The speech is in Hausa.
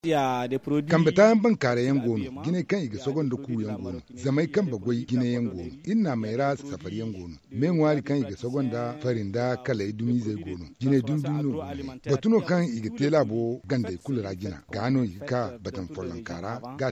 kan tayan ban kare yan gono gine kan iga sogon da ku yan gono zamai kan bagwai gine yan gono inna mai ra safar yan gono men wari kan iga sogon da farin da kala idumi zai gono gine dun no batuno kan iga tela bo ganda kula ra gina gano iga batan folan kara ga